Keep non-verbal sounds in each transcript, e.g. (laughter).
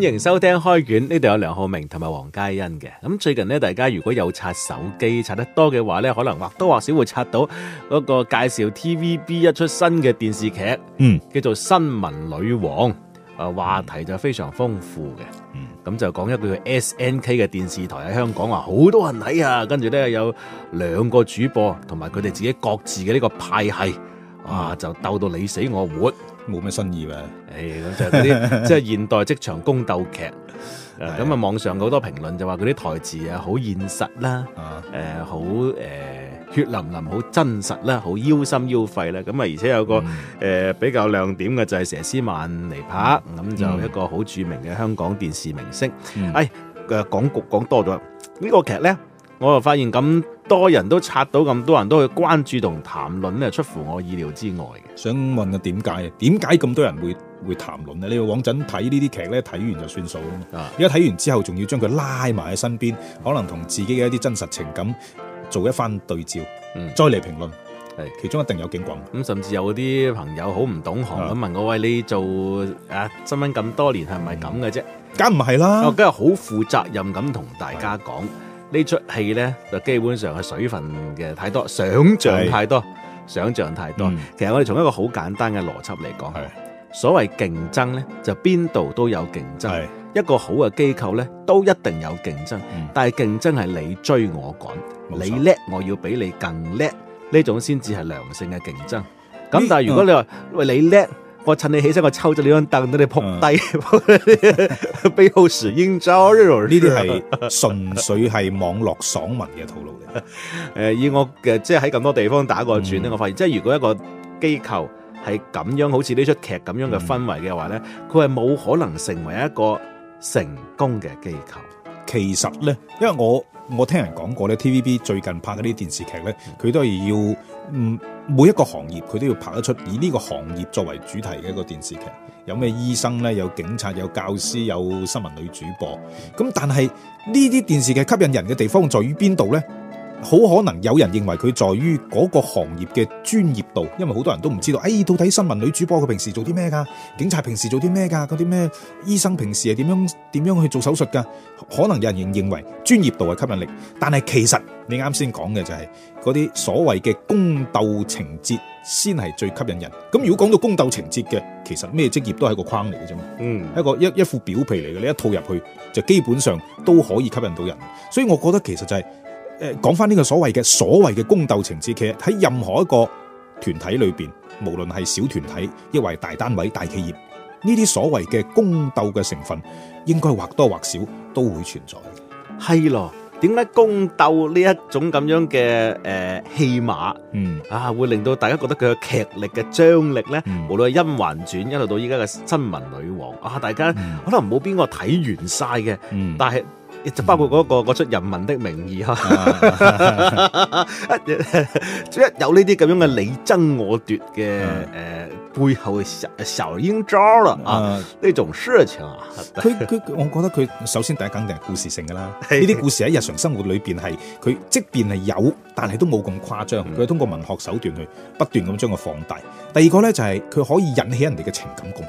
歡迎收聽開卷，呢度有梁浩明同埋黃佳欣嘅。咁最近呢，大家如果有刷手機刷得多嘅話呢，可能或多或少會刷到嗰個介紹 TVB 一出新嘅電視劇，嗯，叫做《新聞女王》。誒、啊，話題就非常豐富嘅。嗯，咁就講一個，S N K 嘅電視台喺香港話啊，好多人睇啊。跟住呢，有兩個主播同埋佢哋自己各自嘅呢個派系啊，就鬥到你死我活。冇咩新意嘛？誒、哎，就嗰啲即係現代職場宮鬥劇。咁 (laughs) 的啊，網上好多評論就話嗰啲台詞啊，好現實啦，誒，好、呃、誒，血淋淋，好真實啦，好腰心腰肺啦。咁啊，而且有個誒、嗯呃、比較亮點嘅就係佘詩曼嚟拍，咁、嗯、就一個好著名嘅香港電視明星。誒、嗯哎，講局講多咗呢、呢個劇咧，我又發現咁多人都刷到，咁多人都去關注同談論咧，出乎我意料之外。想問下點解？點解咁多人會會談論呢？你要往陣睇呢啲劇咧，睇完就算數。而家睇完之後，仲要將佢拉埋喺身邊，嗯、可能同自己嘅一啲真實情感做一番對照，嗯，再嚟評論。是其中一定有警棍。咁、嗯、甚至有啲朋友好唔懂行咁、啊、問我：喂，你做啊新聞咁多年係咪咁嘅啫？梗唔係啦！我今日好負責任咁同大家講，啊、呢出戲咧就基本上係水分嘅太多，想像太多。是嗯想象太多，嗯、其實我哋從一個好簡單嘅邏輯嚟講，是所謂競爭呢，就邊度都有競爭，是一個好嘅機構呢，都一定有競爭，嗯、但係競爭係你追我趕，錯你叻我要比你更叻，呢種先至係良性嘅競爭。咁但係如果你話咦喂，你叻。我趁你起身，我抽咗你張凳，你扑低。Because enjoy 呢啲係純粹係網絡爽文嘅套路嚟。誒、呃，以我嘅即係喺咁多地方打過轉咧，嗯、我發現即係如果一個機構係咁樣，好似呢出劇咁樣嘅氛圍嘅話咧，佢係冇可能成為一個成功嘅機構。其實咧，因為我。我聽人講過咧，TVB 最近拍嗰啲電視劇咧，佢都係要嗯每一個行業佢都要拍一出以呢個行業作為主題嘅一個電視劇，有咩醫生咧，有警察，有教師，有新聞女主播。咁但係呢啲電視劇吸引人嘅地方在於邊度咧？好可能有人認為佢在於嗰個行業嘅專業度，因為好多人都唔知道，誒、哎、到底新聞女主播佢平時做啲咩噶？警察平時做啲咩噶？嗰啲咩醫生平時係點樣點樣去做手術噶？可能有人認認為專業度係吸引力，但係其實你啱先講嘅就係嗰啲所謂嘅宮鬥情節先係最吸引人。咁如果講到宮鬥情節嘅，其實咩職業都係一個框嚟嘅啫嘛。嗯，一個一一副表皮嚟嘅，你一套入去就基本上都可以吸引到人。所以我覺得其實就係、是。誒，講翻呢個所謂嘅所謂嘅宮鬥情節，其實喺任何一個團體裏邊，無論係小團體亦或大單位、大企業，呢啲所謂嘅宮鬥嘅成分，應該或多或少都會存在嘅。係咯，點解宮鬥呢一種咁樣嘅誒戲碼，嗯啊，會令到大家覺得佢嘅劇力嘅張力咧，無論係甄嬛傳一路到依家嘅新聞女王啊，大家可能冇邊個睇完晒嘅，嗯，但係。就包括嗰個嗰出《人民的名義》哈、嗯，一、啊啊、 (laughs) 有呢啲咁樣嘅你爭我奪嘅誒背後嘅小小陰招啦啊，呢、啊、種事情啊，佢佢 (laughs) 我覺得佢首先第一肯定係故事性噶啦，呢啲的故事喺日常生活裏邊係佢即便係有，但係都冇咁誇張，佢、嗯、通過文學手段去不斷咁將佢放大。第二個咧就係佢可以引起人哋嘅情感共鳴，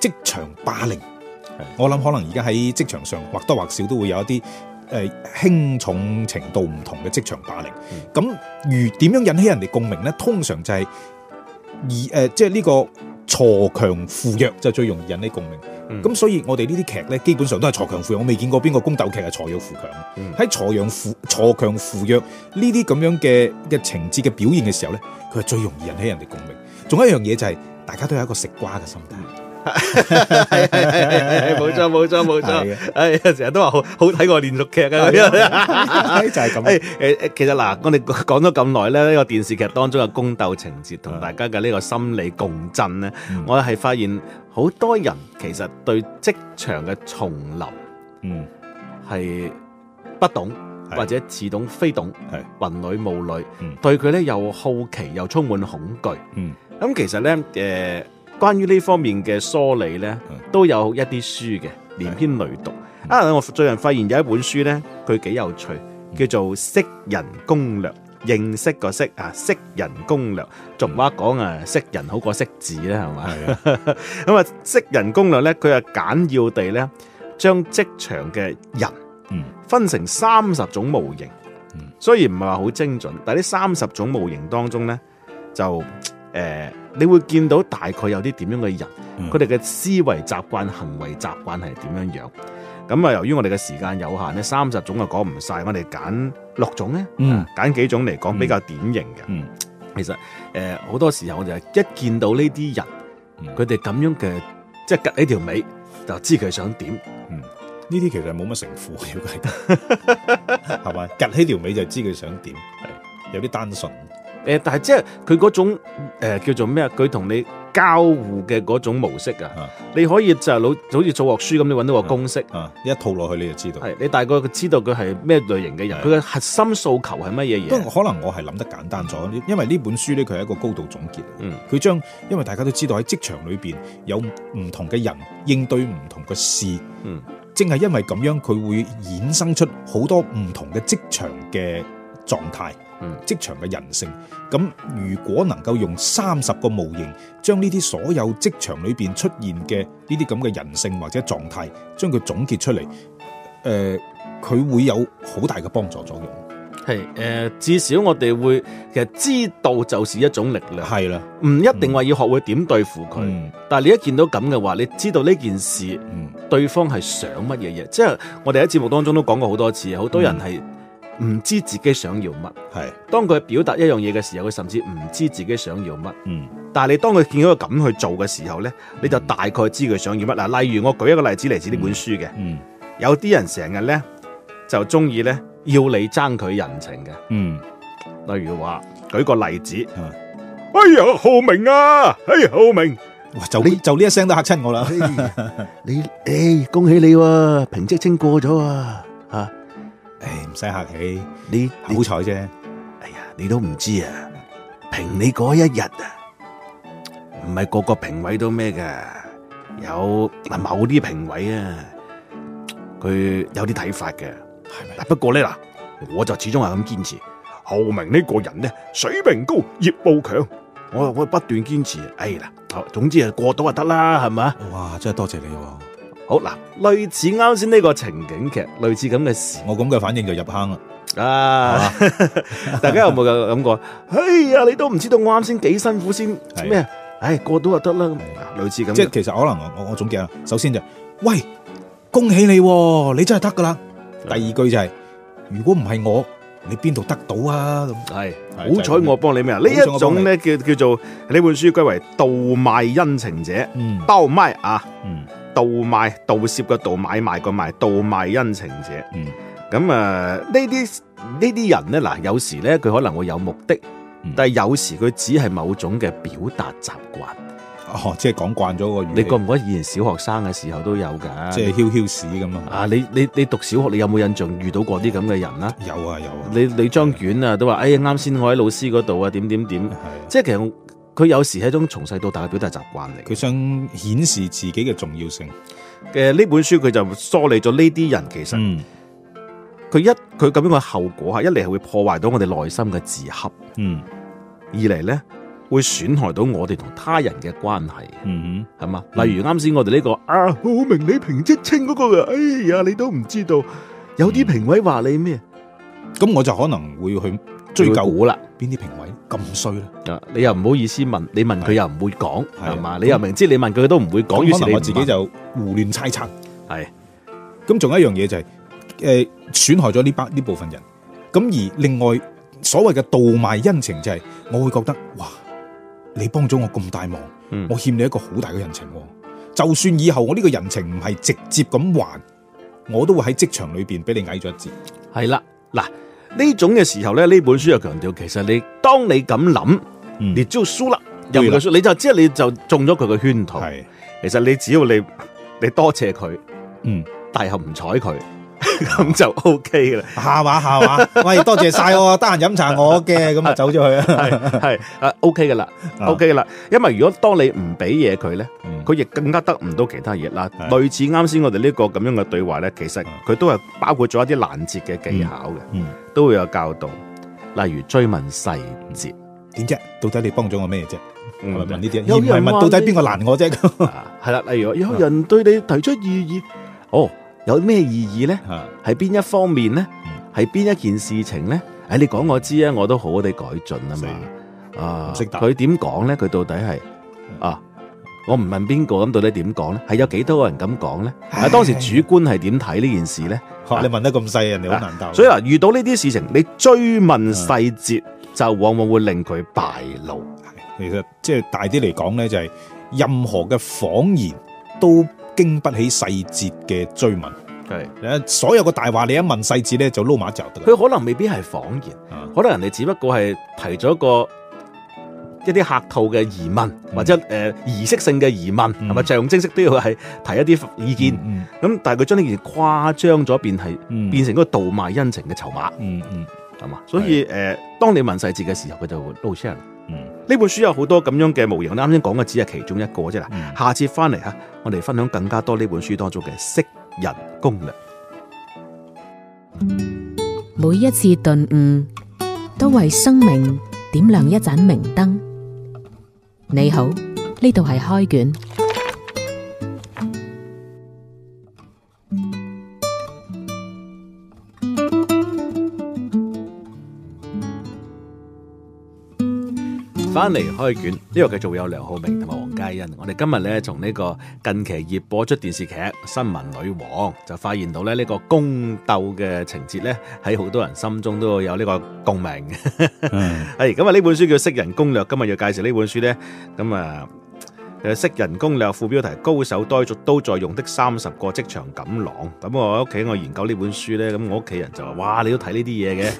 職、嗯、場霸凌。我諗可能而家喺職場上或多或少都會有一啲誒輕重程度唔同嘅職場霸凌。咁、嗯、如點樣引起人哋共鳴咧？通常就係以誒即係呢個鋤強扶弱就最容易引起共鳴。咁、嗯、所以我哋呢啲劇咧，基本上都係鋤強扶弱。我未見過邊個宮鬥劇係鋤弱扶強。喺鋤強扶鋤強扶弱呢啲咁樣嘅嘅情節嘅表現嘅時候咧，佢係最容易引起人哋共鳴。仲有一樣嘢就係、是，大家都有一個食瓜嘅心態。嗯係係係係冇錯冇錯冇錯，係成日都話好好睇過連續劇㗎，的 (laughs) 就係咁。誒誒，其實嗱，我哋講咗咁耐咧，呢、這個電視劇當中嘅宮鬥情節同大家嘅呢個心理共振咧，的我係發現好多人其實對職場嘅叢林的，嗯，係不懂或者似懂非懂，係雲裏霧裏，女女的對佢咧又好奇又充滿恐懼，的嗯，咁其實咧，誒、呃。關於呢方面嘅梳理呢，都有一啲書嘅連篇累讀。的啊，我最近發現有一本書呢，佢幾有趣，叫做《識人攻略》，認識個識啊，《識人攻略》俗話講啊，識人好過識字啦，係嘛？咁啊的， (laughs) 嗯《識人攻略》呢，佢係簡要地呢，將職場嘅人分成三十種模型。嗯、雖然唔係話好精準，但係呢三十種模型當中呢，就誒。呃你會見到大概有啲點樣嘅人，佢哋嘅思維習慣、行為習慣係點樣樣？咁啊，由於我哋嘅時間有限呢，三十種啊講唔晒，我哋揀六種咧，揀、嗯、幾種嚟講比較典型嘅。嗯嗯、其實誒，好、呃、多時候我哋係一見到呢啲人，佢哋咁樣嘅，即係隔呢條尾就知佢想點。呢啲其實冇乜城府，係咪？隔起條尾就知佢想點，有啲單純。誒，但係即係佢嗰種誒、呃，叫做咩？佢同你交互嘅嗰種模式啊，你可以就係老，好似做學書咁，你搵到個公式，啊啊、一套落去你就知道。係你大概知道佢係咩類型嘅人，佢嘅核心訴求係乜嘢嘢？不過可能我係諗得簡單咗，因為呢本書咧，佢係一個高度總結嗯，佢將因為大家都知道喺職場裏邊有唔同嘅人應對唔同嘅事，嗯，正係因為咁樣佢會衍生出好多唔同嘅職場嘅狀態。嗯、職場嘅人性，咁如果能夠用三十個模型，將呢啲所有職場裏邊出現嘅呢啲咁嘅人性或者狀態，將佢總結出嚟，誒、呃，佢會有好大嘅幫助作用。係誒、呃，至少我哋會其實知道，就是一種力量。係啦的，唔一定話要學會點對付佢，嗯、但係你一見到咁嘅話，你知道呢件事，嗯、對方係想乜嘢嘢，即係我哋喺節目當中都講過好多次，好多人係。嗯唔知自己想要乜，係當佢表達一樣嘢嘅時候，佢甚至唔知自己想要乜。嗯，但係你當佢見到佢咁去做嘅時候咧，你就大概知佢想要乜啦。例如我舉一個例子嚟自呢本書嘅，嗯，有啲人成日咧就中意咧要你爭佢人情嘅，嗯，例如話舉個例子，啊、哎，哎呀，浩明啊，哎，浩明，哇就，就呢就呢一聲都嚇親我啦，哎，你誒、哎，恭喜你喎，評職稱過咗啊！誒，唔使客氣，你好彩啫。哎呀，你都唔知啊，評你嗰一日啊，唔係個個評委都咩嘅，有嗱某啲評委啊，佢有啲睇法嘅。但係咪嗱不過咧嗱，我就始終係咁堅持，侯明呢個人呢，水平高，業務強，我又會不斷堅持。哎嗱，總之係，過到就得啦，係咪？哇，真係多謝你。好嗱，類似啱先呢個情景劇，類似咁嘅事，我咁嘅反應就入坑啦。啊，大家有冇咁感覺？哎呀，你都唔知道我啱先幾辛苦先咩？唉，過到就得啦。類似咁，即係其實可能我我總結啊，首先就喂，恭喜你，你真係得噶啦。第二句就係，如果唔係我，你邊度得到啊？咁係，好彩我幫你咩？呢一種咧叫叫做呢本書歸為盜賣恩情者，盜賣啊。盜賣、盜竊個盜買賣個賣，賣、盜賣恩情者，咁啊、嗯呃、呢啲呢啲人咧嗱，有時咧佢可能會有目的，嗯、但係有時佢只係某種嘅表達習慣。哦，即係講慣咗個，你覺唔覺得以前小學生嘅時候都有噶，即係囂囂屎咁啊？啊，你你你讀小學，你有冇印象遇到過啲咁嘅人有啊？有啊你有啊，你你張卷啊都話，係啊哎啱先我喺老師嗰度啊，點點點，係啊即係其實。佢有時係一種從細到大嘅表達習慣嚟，佢想顯示自己嘅重要性。誒，呢本書佢就梳理咗呢啲人，其實佢、嗯、一佢咁樣嘅後果吓，一嚟係會破壞到我哋內心嘅自洽，嗯二；二嚟咧會損害到我哋同他人嘅關係，嗯哼，係嘛？例如啱先我哋呢、這個、嗯、啊，好明你評職稱嗰個啊，哎呀，你都唔知道，有啲評委話你咩？咁、嗯、我就可能會去追究啦，邊啲評委？咁衰啦！啊，你又唔好意思問，你問佢又唔會講，係嘛？你又明知你問佢都唔會講，於是我自己就胡亂猜測。係的，咁仲有一樣嘢就係、是，誒、呃，損害咗呢班呢部分人。咁而另外所謂嘅倒賣恩情就係、是，我會覺得哇，你幫咗我咁大忙，嗯、我欠你一個好大嘅人情。就算以後我呢個人情唔係直接咁還，我都會喺職場裏邊俾你矮咗一截。係啦，嗱。呢種嘅時候咧，呢本書就強調，其實你當你咁諗，嗯，你只要輸啦，又唔夠輸，你就知你就中咗佢嘅圈套。係的，其實你只要你，你多謝佢，嗯，但係唔睬佢。咁就 OK 嘅啦，啊，下話下話，喂，啊啊哎，多謝晒我，得閒飲茶我嘅，咁啊走咗去啊，係係啊 OK 嘅啦，OK 嘅啦，因為如果當你唔俾嘢佢咧，佢亦，嗯，更加得唔到其他嘢啦。的類似啱先我哋呢個咁樣嘅對話咧，其實佢都係包括咗一啲攔截嘅技巧嘅，嗯嗯，都會有教導，例如追問細節，點啫？到底你幫咗我咩啫？唔係，嗯，問呢啲，人而係問到底邊個攔我啫？係啦，啊，例如有人對你提出異議，哦，嗯。有咩意義咧？係邊一方面咧？係邊一件事情咧？哎，你講我知啊，我都好好地改進啊嘛。啊，佢點講咧？佢到底係啊？我唔問邊個咁，到底點講咧？係有幾多個人咁講咧？喺、啊、當時主觀係點睇呢件事咧？你問得咁細，人哋好難答。所以啦、啊，遇到呢啲事情，你追問細節，就往往會令佢敗露。其實即係大啲嚟講咧，就係任何嘅謊言都經不起細節嘅追問，係，所有嘅大話你一問細節咧，就撈馬就得啦。佢可能未必係謊言，可能人哋只不過係提咗一個一啲客套嘅疑問，或者誒呃、儀式性嘅疑問，係咪、嗯、象徵式都要係提一啲意見？咁、嗯嗯、但係佢將呢件事誇張咗，變係變成個倒賣恩情嘅籌碼。嗯嗯，係嘛？所以誒是、呃，當你問細節嘅時候，佢就會撈嗯，呢本書有好多咁樣嘅模型，我啱先講嘅只係其中一個啫。嗱、嗯，下次翻嚟吓，我哋分享更加多呢本書當中嘅識人攻略、嗯。每一次頓悟，都為生命點亮一盞明燈。你好，呢度係開卷。翻嚟開卷，呢個繼續會有梁浩明同埋黃嘉欣。我哋今日咧從呢個近期熱播出電視劇《新聞女王》，就發現到咧呢個宮鬥嘅情節咧喺好多人心中都有呢個共鳴。係咁啊！呢本書叫《識人攻略》，今日要介紹呢本書咧，咁啊。誒，識人攻略你有副標題，高手呆族都在用的三十個職場錦囊。咁我喺屋企我研究呢本書咧，咁我屋企人就話：哇，你都睇呢啲嘢嘅，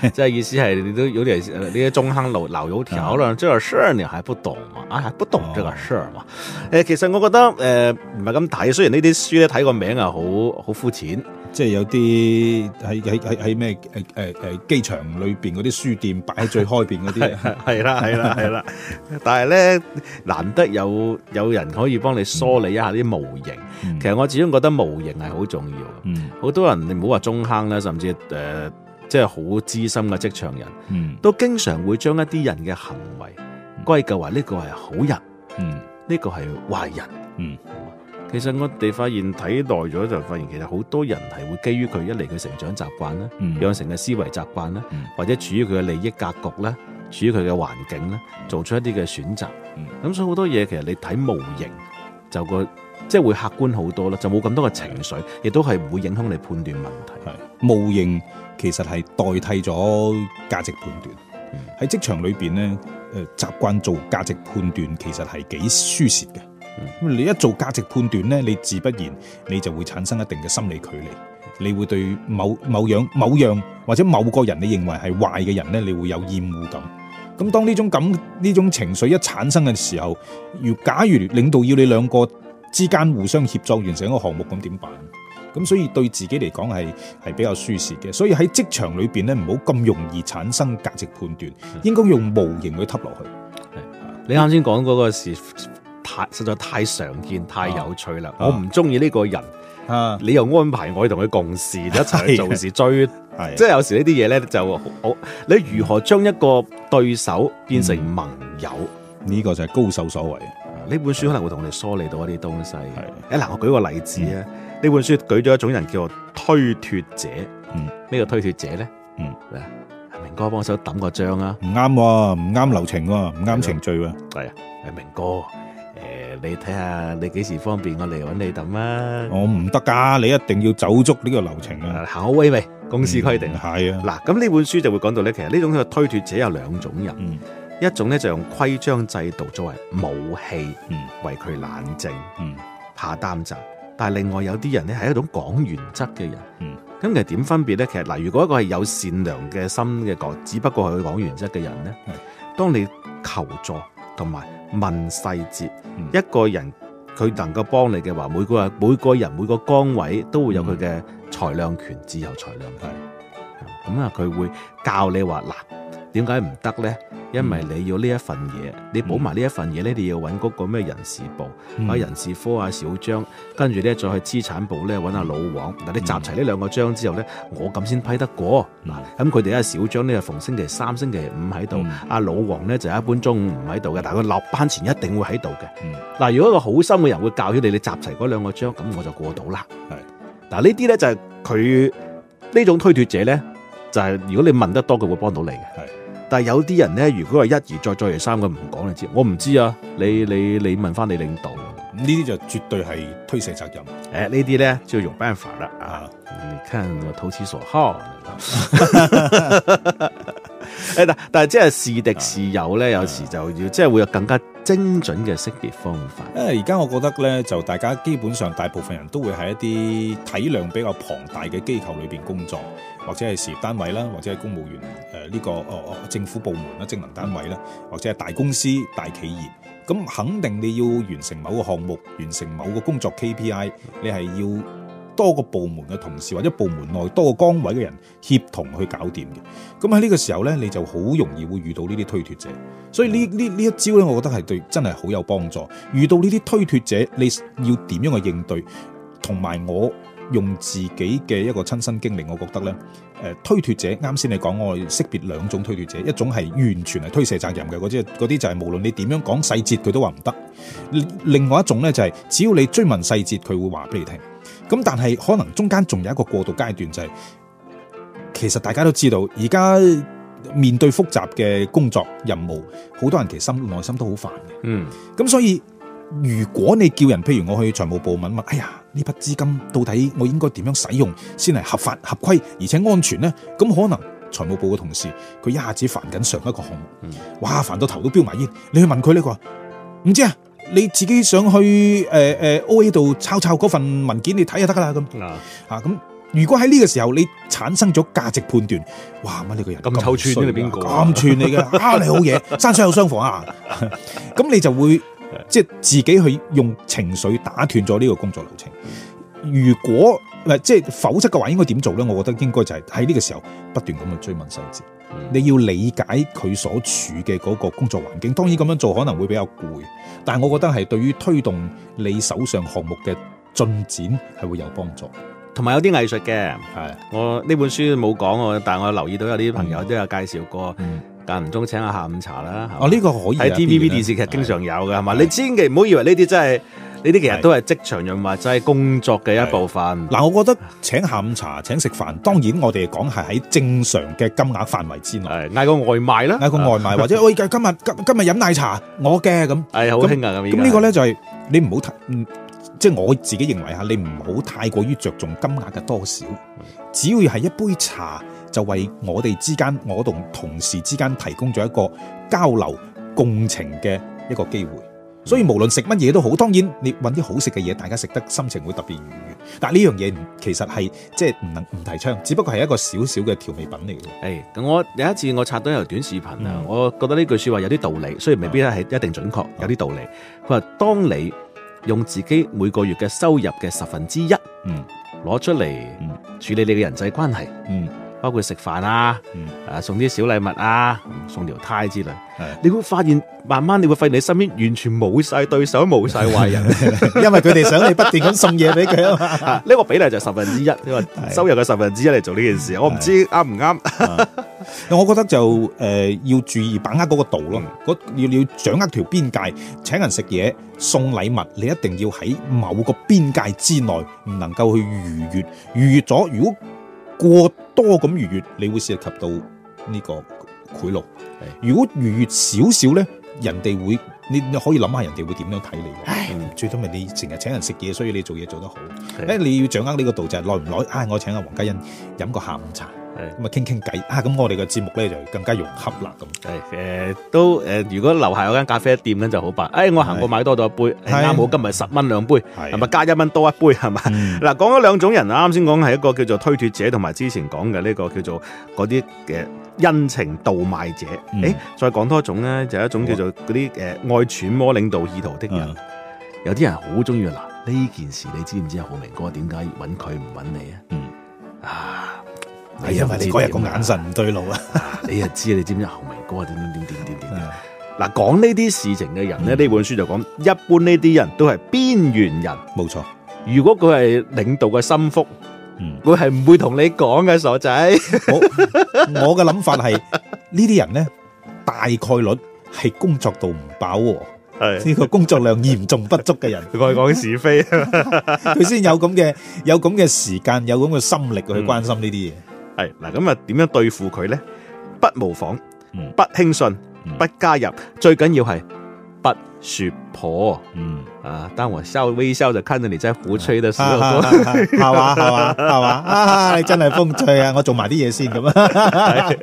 咁即係意思係你都有點呢啲中坑老老油條啦。 (laughs) 這個事兒你還不懂啊？啊，還不懂這個事兒嘛？誒、哦，其實我覺得誒，唔係咁睇。雖然呢啲書咧睇個名啊，好好膚淺。即係有啲喺喺喺喺咩誒誒誒機場裏邊嗰啲書店擺喺最開邊嗰啲，係啦係啦係啦，但係咧難得有有人可以幫你梳理一下啲模型。嗯、其實我始終覺得模型係好重要嘅。嗯、好多人你唔好話中坑啦，甚至誒，即係好資深嘅職場人，嗯、都經常會將一啲人嘅行為歸咎為呢個係好人，嗯，呢個係壞人，嗯。其實我哋發現睇耐咗就發現，其實好多人係會基於佢一嚟嘅成長習慣啦，養、嗯、成嘅思維習慣啦，嗯、或者處於佢嘅利益格局啦，處於佢嘅環境咧，做出一啲嘅選擇。咁、嗯、所以好多嘢其實你睇模型就個即係、就是、會客觀好多啦，就冇咁多嘅情緒，亦都係唔會影響你判斷問題。係模型其實係代替咗價值判斷。喺職、嗯、場裏邊咧，誒習慣做價值判斷，其實係幾輸蝕嘅。你一做價值判斷呢，你自不然你就會產生一定嘅心理距離，你會對某某樣某樣或者某個人你認為係壞嘅人呢，你會有厭惡感。咁當呢種感呢種情緒一產生嘅時候，如假如領導要你兩個之間互相協作完成一個項目，咁點辦？咁所以對自己嚟講係係比較舒適嘅。所以喺職場裏邊呢，唔好咁容易產生價值判斷，嗯、應該用模型去吸落去。你啱先講嗰個事。太實在太常見、太有趣啦！我唔中意呢個人，你又安排我同佢共事，一齊做事追，即係有時呢啲嘢咧就好。你如何將一個對手變成盟友？呢個就係高手所為。呢本書可能會同我哋梳理到一啲東西。誒，嗱，我舉個例子啊。呢本書舉咗一種人叫做「推脫者」。嗯，咩叫推脫者咧？嗯，明哥幫手抌個章啦。唔啱，唔啱流程，唔啱程序。係啊，明哥。誒、呃，你睇下你幾時方便我，啊，我嚟揾你等啊，我唔得噶，你一定要走足呢個流程啊。行好威喂，公司規定。係、嗯、啊。嗱，咁呢本書就會講到咧，其實呢種嘅推脫者有兩種人，嗯、一種咧就用規章制度作為武器，嗯，為佢懶政，嗯、怕下擔責。但係另外有啲人咧係一種講原則嘅人，咁、嗯、其實點分別咧？其實嗱，如果一個係有善良嘅心嘅角只不過係講原則嘅人咧，嗯、當你求助同埋。問細節，細節，嗯、一個人佢能夠幫你嘅話，每個人每個人每個崗位都會有佢嘅裁量權，嗯、自由裁量權。咁啊，佢、嗯嗯、會教你話嗱。點解唔得咧？因為你要呢一份嘢，嗯、你補埋呢一份嘢咧，嗯、你要揾嗰個咩人事部啊，嗯、人事科啊，小張，跟住咧再去資產部咧揾阿老王。嗱、嗯，但你集齊呢兩個章之後咧，我咁先批得過嗱。咁佢哋阿小張咧，逢星期三、星期五喺度；阿、嗯、老王咧就一般中午唔喺度嘅，但係佢落班前一定會喺度嘅。嗱、嗯，如果一個好心嘅人會教起你，你集齊嗰兩個章，咁我就過到啦。嗱、係，呢啲咧就係佢呢種推脫者咧，就係如果你問得多，佢會幫到你嘅。但係有啲人咧，如果話一而再、再而三噉，佢唔講你知，我唔知啊！你你你，你問翻你領導，咁呢啲就絕對係推卸責任。誒、哎，這些呢啲咧就要用辦法啦的啊！你看我投其所好。但但係即係是敵是友的咧，有時就要即係、就是、會有更加精準嘅識別方法。因為而家我覺得咧，就大家基本上大部分人都會喺一啲體量比較龐大嘅機構裏邊工作。或者係事業單位啦，或者係公務員誒呢、呃這個哦哦政府部門啦，職能單位啦，或者係大公司大企業，咁肯定你要完成某個項目，完成某個工作 KPI，你係要多個部門嘅同事或者部門內多個崗位嘅人協同去搞掂嘅。咁喺呢個時候呢，你就好容易會遇到呢啲推脫者，所以呢呢一招呢，我覺得係對真係好有幫助。遇到呢啲推脫者，你要點樣去應對？同埋我。用自己嘅一個親身經歷，我覺得咧，誒、呃、推脱者啱先你講，我識別兩種推脱者，一種係完全係推卸責任嘅，嗰啲就係無論你點樣講細節，佢都話唔得；另外一種咧就係、是、只要你追問細節，佢會話俾你聽。咁但係可能中間仲有一個過渡階段、就是，就係其實大家都知道，而家面對複雜嘅工作任務，好多人其實心內心都好煩嘅。嗯，咁所以如果你叫人，譬如我去財務部門問，問，哎呀。呢筆資金到底我應該點樣使用先係合法合規而且安全呢？咁可能財務部嘅同事，佢一下子煩緊上一個項目，哇，煩到頭都飆埋煙。你去問佢，呢個唔知啊，你自己想去，誒誒 OA 度抄抄嗰份文件你睇就得噶啦咁啊咁、啊。如果喺呢個時候你產生咗價值判斷，哇，乜呢個人咁抽串，都邊個咁串你嘅啊，你好嘢，山水有相逢啊，咁、啊、你就會。即係自己去用情緒打斷咗呢個工作流程。如果，即係否則嘅話，應該點做呢？我覺得應該就係喺呢個時候不斷咁去追問細節。嗯、你要理解佢所處嘅嗰個工作環境。當然咁樣做可能會比較攰，但係我覺得係對於推動你手上項目嘅進展係會有幫助。同埋有啲藝術嘅，係我呢本書冇講，但我留意到有啲朋友都有介紹過。嗯嗯間唔中請下下午茶啦，哦，呢個可以喺 TVB 電視劇經常有嘅係嘛，你千祈唔好以為呢啲真係，呢啲其實都係職場人物真係工作嘅一部分。嗱，我覺得請下午茶請食飯，當然我哋講係喺正常嘅金額範圍之內，嗌個外賣啦，嗌個外賣或者我今日今日飲奶茶我嘅咁，係好咁。咁呢個咧就係你唔好太，即係我自己認為啊，你唔好太過於着重金額嘅多少，只要係一杯茶。就為我哋之間，我同同事之間提供咗一個交流共情嘅一個機會。所以無論食乜嘢都好，當然你揾啲好食嘅嘢，大家食得心情會特別愉悦。但係呢樣嘢其實係即係唔能唔提倡，只不過係一個小小嘅調味品嚟嘅。誒、哎，咁我有一次我刷到一條短視頻啊，嗯、我覺得呢句說話有啲道理，雖然未必係一定準確，嗯、有啲道理。佢話當你用自己每個月嘅收入嘅十分之一，嗯，攞出嚟處理你嘅人際關係，嗯。包括食飯啊，啊，送啲小禮物啊，送條胎之類，的你會發現慢慢你會發現你身邊完全冇晒對手，冇晒壞人， (laughs) 因為佢哋想你不斷咁送嘢俾佢，呢 (laughs) 個比例就十分之一的，你話收入嘅十分之一嚟做呢件事，的我唔知啱唔啱？的 (laughs) 我覺得就誒、呃、要注意把握嗰個度咯，要要掌握條邊界，請人食嘢送禮物，你一定要喺某個邊界之內，唔能夠去逾越，逾越咗如果。過多咁逾越，你會涉及到呢個賄賂。如果逾越少少咧，人哋會你你可以諗下人哋會點樣睇你。唉最多咪你成日請人食嘢，所以你做嘢做得好。的你要掌握呢個度，就係、是、耐唔耐，我請阿黃家欣飲個下午茶。咁是啊，傾傾偈啊，咁我哋嘅節目咧就更加融洽啦，咁。誒、呃，都誒、呃，如果樓下有間咖啡店咧就好白，誒是、哎，我行過買多咗一杯，啱是、哎、好今日十蚊兩杯，係咪是加一蚊多一杯係咪？嗱，講咗兩種人，啱先講係一個叫做推脱者，同埋之前講嘅呢個叫做嗰啲嘅恩情倒賣者。誒、嗯，再講多一種咧，就係、一種叫做嗰啲誒愛揣摩領導意圖的人。嗯、有啲人好中意嗱，呢件事你知唔知啊？浩明哥點解揾佢唔揾你啊？啊、嗯。係因為你嗰日個眼神唔對路啊！你又知啊？你知唔知侯明哥點點點點點點？嗱，講呢啲事情嘅人咧，呢本書就講，一般呢啲人都係邊緣人，冇錯。如果佢係領導嘅心腹，嗯，佢係唔會同你講嘅傻仔。我嘅諗法係呢啲人咧，大概率係工作度唔飽，係呢個工作量嚴重不足嘅人去講是非，佢先有咁嘅有咁嘅時間，有咁嘅心力去關心呢啲嘢。係嗱，咁啊，點樣對付佢咧？不模仿，不輕信，不加入，最緊要係不說破。嗯啊，當我稍微笑着看着你在胡吹的時候，係嘛係嘛係嘛啊！你真係風趣啊！我做埋啲嘢先咁啊。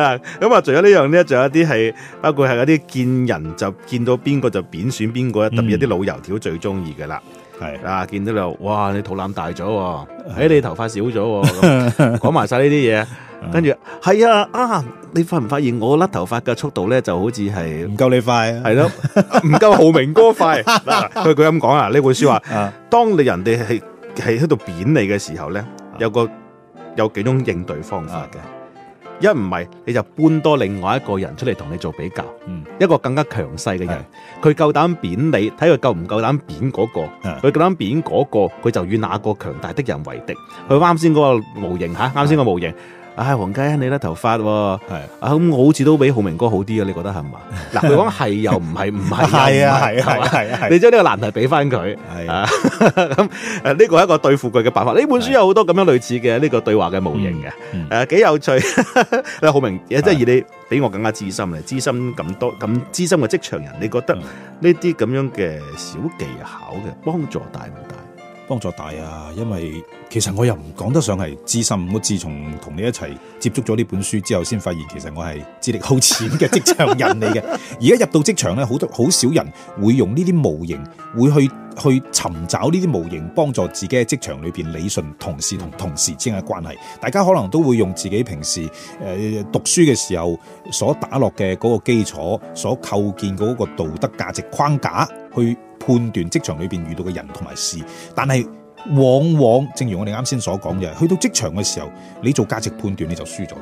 啊咁啊，除咗呢樣咧，仲有一啲係，包括係嗰啲見人就見到邊個就扁選邊個，特別一啲老油條最中意嘅啦。係啊，見到就哇，你肚腩大咗、啊，喺、啊欸、你頭髮少咗，講埋晒呢啲嘢，跟住係啊啊，啊，你發唔發現我甩頭髮嘅速度咧，就好似係唔夠你快、啊了，係咯，唔夠浩明哥快。佢佢咁講啊，呢本書話，嗯啊、當人家在你人哋係係喺度貶你嘅時候咧，有個有幾種應對方法嘅。啊一唔係你就搬多另外一個人出嚟同你做比較，嗯、一個更加強勢嘅人，佢夠膽扁你，睇佢夠唔夠膽扁嗰個，佢夠膽扁嗰個，佢就與嗰個強大的人為敵。佢啱先嗰個模型吓，啱先個模型。啊，黃佳欣，你甩頭髮喎，係，啊咁我好似都比浩明哥好啲啊，你覺得係唔係？嗱，佢講係又唔係，唔係又唔係，係啊係啊係啊，你將呢個難題俾翻佢，係，咁誒呢個係一個對付佢嘅辦法。呢本書有好多咁樣類似嘅呢個對話嘅模型嘅，誒幾有趣。浩明，即係你比我更加資深嘅，資深咁多咁資深嘅職場人，你覺得呢啲咁樣嘅小技巧嘅幫助大唔大？幫助大啊！因為其實我又唔講得上係資深，我自從同你一齊接觸咗呢本書之後，先發現其實我係資歷好淺嘅職場人嚟嘅。而家 (laughs) 入到職場咧，好多好少人會用呢啲模型，會去去尋找呢啲模型，幫助自己喺職場裏邊理順同事同同事之間嘅關係。大家可能都會用自己平時誒、呃、讀書嘅時候所打落嘅嗰個基礎，所構建嗰個道德價值框架去判斷職場裏邊遇到嘅人同埋事，但係往往正如我哋啱先所講嘅，去到職場嘅時候，你做價值判斷你就輸咗啦，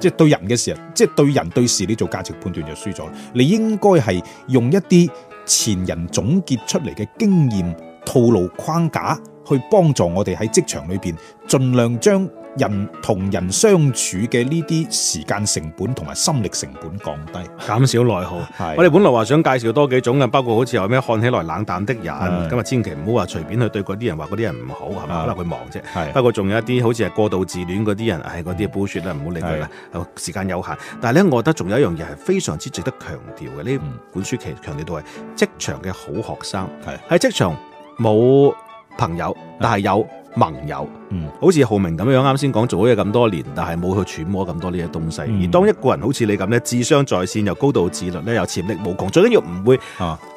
即係、嗯、對人嘅時候，即係對人對事你做價值判斷就輸咗。你應該係用一啲前人總結出嚟嘅經驗、套路、框架，去幫助我哋喺職場裏邊盡量將。人同人相處嘅呢啲時間成本同埋心力成本降低，減少內耗。我哋本來話想介紹多幾種嘅，包括好似有咩看起來冷淡的人，咁啊，千祈唔好話隨便去對嗰啲人話嗰啲人唔好，係咪可能佢忙啫。不過仲有一啲好似係過度自戀嗰啲人，唉，嗰啲要報説啦，唔好理佢啦。時間有限，但係咧，我覺得仲有一樣嘢係非常之值得強調嘅，呢本書其實強調到係職場嘅好學生，喺職場冇朋友，但係有，盟友，嗯，好似浩明咁樣，啱先講做咗嘢咁多年，但係冇去揣摩咁多呢啲東西。嗯、而當一個人好似你咁咧，智商在線，又高度自律咧，又潛力無窮，最緊要唔會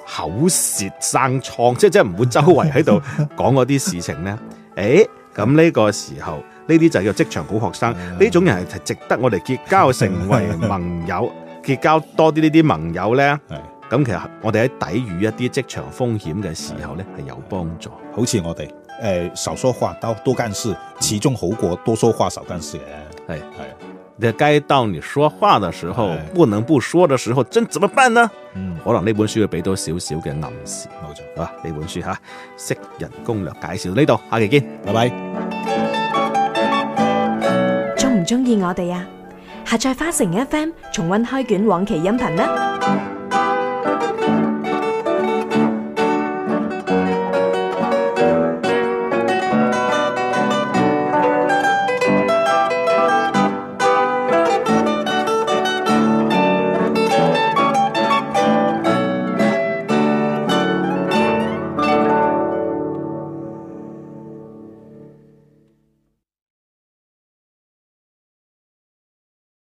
口舌生瘡，即係即係唔會周圍喺度講嗰啲事情咧。誒、欸，咁呢個時候，呢啲就叫職場好學生。呢、嗯、種人係值得我哋結交，成為盟友， (laughs) 結交多啲呢啲盟友咧。咁的其實我哋喺抵御一啲職場風險嘅時候咧，係的有幫助。好似我哋。誒，少說話，多多幹事。始終好過，多說話，少幹事。誒，哎哎，這該到你說話嘅時候，是不能不說嘅時候，真怎麼辦呢？嗯，可能呢本書會俾多少少嘅暗示，冇錯，好啊。呢本書哈，識人攻略介紹呢度，下期見，拜拜。中唔中意我哋啊？下載花城 FM，重温開卷往期音頻呢。